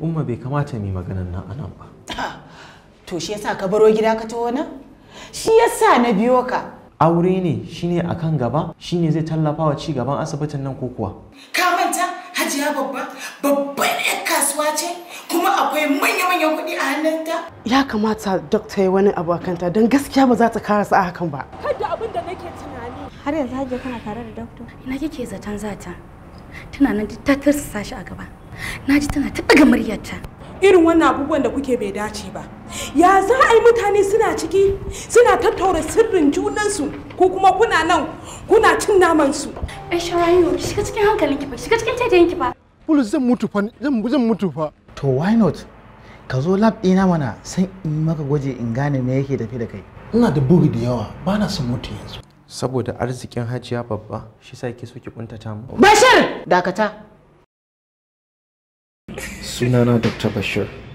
umma bai kamata mai maganan nan a nan ba ah, to shi yasa ka baro gida ka taho nan shi yasa na biyo ka aure ne shine akan gaba shine zai tallafa wa ci gaban asibitin nan ko kuwa ka manta hajiya babba babban 'yan kasuwa ce kuma akwai manya manya kuɗi a hannunta ya kamata dokta ya wani abu akanta don gaskiya ba za ta karasa a hakan ba kada abin da nake tunani har yanzu hajiya kana tare da dokta ina kike zaton zata tana nan ta tarsa shi a gaba na ji tana ta muryarta irin wannan abubuwan da kuke bai dace ba ya za a yi mutane suna ciki suna tattaura sirrin junansu ko kuma kuna nan kuna cin naman su ai sharayu shiga cikin ki ba shiga cikin ki ba bulu zan mutu fa zan zan mutu fa to why not ka zo lab ɗina mana san in maka gwaji in gane me yake tafi da kai ina da buri da yawa ba na son mutu yanzu saboda arzikin hajiya babba shi sa yake so ki kuntata mu bashir dakata Sunana Dr. Bashir.